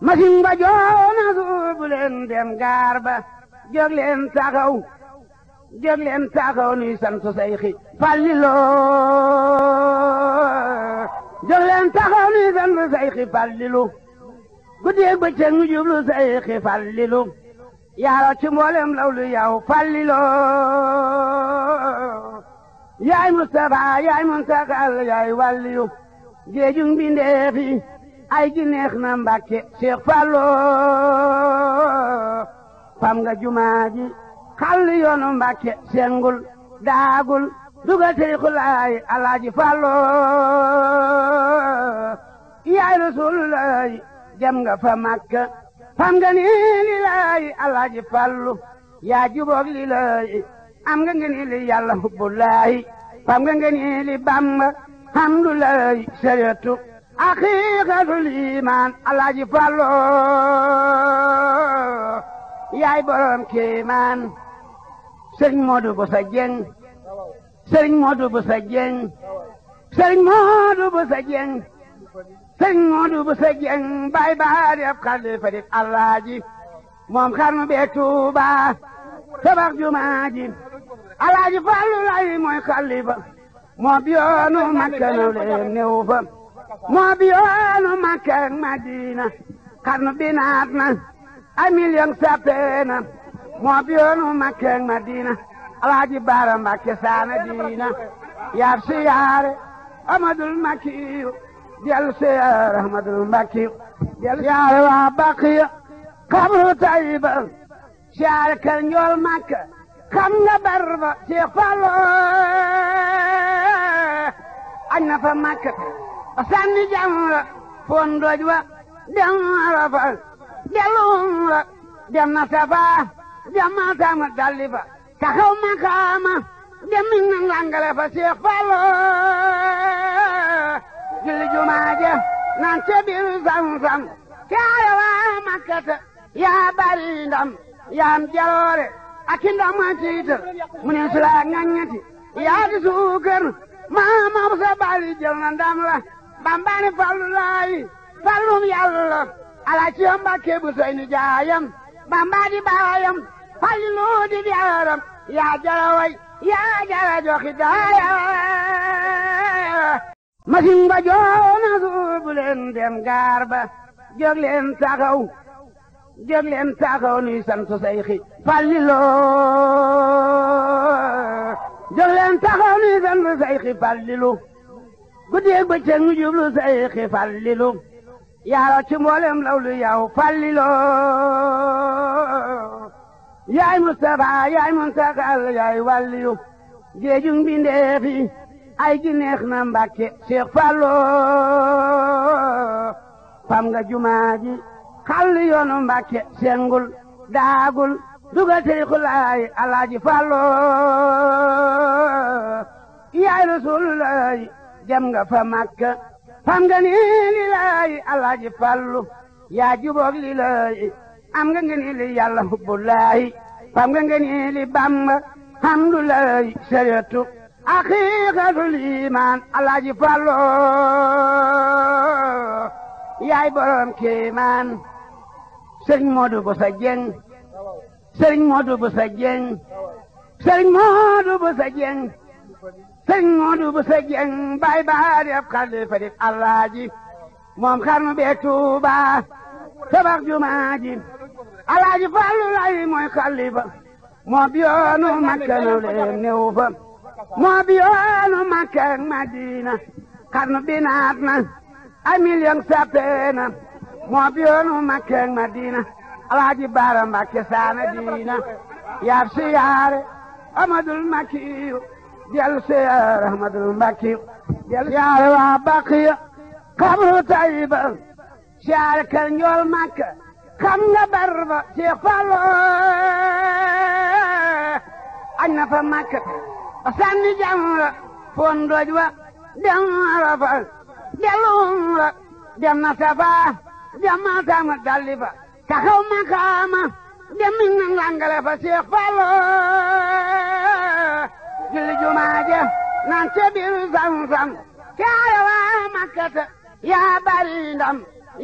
masin ba joona suubu leen dem gaar ba leen taxaw jóg leen taxaw nuy sant sayxi Fàllilu jóg leen taxaw nuy sant sayxi Fàllilu guddeeg bëccëg nu jublu sayxi Fàllilu yaaro ci mboolem lawlu yow Fàllilu yaay Mustafa yaay Muntakal yaay wàlliyu géejum bi ndeefi ay gi na mbàkke Cheikh Fallo fam nga jumaa ji xàll yoonu mbàkke sengul daagul dugal tariixu laay alaaji yaay rasulullaay dem nga fa Makka fam nga ni li laay Fallu yaa juboog li am nga nga ni li yàlla hubbu fam nga nga ni li Bàmba hamdu laay sariyatu haqiqatul iman alaaji Fallu yaay borom kéemaan sëriñ Modou Boussa Dieng sëriñ Modou Boussa Dieng sëriñ Modou moom xarnu bee Tuuba tabax jumaa ji alaaji lay mooy xalifa moom yoonu Makka nu leen néew moo bi yoonu Makka ak Madina ay million sappee moo bi yoonu Makka ak Madina Alaaji Baara saana diina yaab siyaare Amadul Makkiyu dellu siyaare Amadul Makkiyu dellu siyaare waa Baqiya xabru Tayiba siyaare kër njool Makka xam nga barba Seex Fallu añ na fa Makka sànni jamra fon doj wa dem Arafat dellu umra dem na Safaa dem ma dalli fa taxaw makaama dem mi na langale fa Seex julli jumaa ja naan ca biir sam-sam kaare yaa bari ndam yaa am jaloore ak ndam a mu ne su laa ŋaññati suukar maa moom bari jël na ndam la bambaani fallu laayi fallum yàlla alaaciyam bakke bu sey ni jaayam bambaa di baayam falli loo di yaaram yaa jara way yaa joxi daaya masin ba joona suur dem gaar ba leen taxaw jóg leen taxaw nuy sant sayxi falli leen taxaw nuy sant sayxi guddeeg bëccëg ñu jublu say xi fàllilu yaaro ci mboolem lawlu yow fàllilo yaay Mustafa yaay Muntakal yaay wàlliyu géeju mbindeef yi ay gi neex na Mbàkke Cheikh Fallo fam nga jumaa ji xàll yoonu Mbàkke daagul dugal tariixul Alaaji Fallo yaay Rasulullaay dem nga fa Makka fam nga ni lilaay alaaji Fallu yaa juboog lilaay am nga ngeen li yàlla hubbulaay fam nga ngeen li Bàmba hamdulaay sariatu aqiqatul iman alaaji Fallu yaay borom kéemaan sëriñ Modou Boussa Dieng sëriñ Modou Boussa Dieng sëriñ Modou Boussa Dieng sëñ Moodu bu sa jeng bay ba di ab xalifa di alaaji moom xarnu beeg Tuuba tabax jumaa ji alaaji Fallu lay mooy xalifa moo bi yoonu Makka naw leen néew fa moo bi yoonu Makka ak Madina xarnu bi naat na ay million sappee na moo bi yoonu Makka ak Madina alaaji Baara Mbàkke saana diina yaab siyaare amadul makiyu jël si Ahmadul Mbàkki jël siyaar waa Baqiya xabru Tayiba siyaar kër njool Màkka xam barba ci Fallu añ na fa Màkka ba sànni jamra foon doj wa dem Arafa dellu umra dem na Safaa dem na Tama dalli ba taxaw maqaama dem na julli jumaa ja naan ca biir zam-zam kaaya waa makkata yaa bari ndam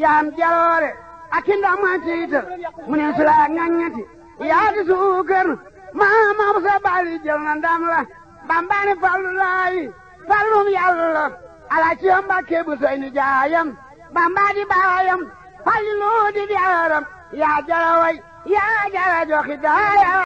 yaam jaloore ak i ndam a tiital mu ne su laa ŋaññati yaa di suukar maa moom sa bari jël na ndam la bambani fallu laayi fallum yàlla ala ci yom bakke bu soy ni jaayam bamba di baayam fallu di jaaram yaa jaraway yaa jara joxi daaya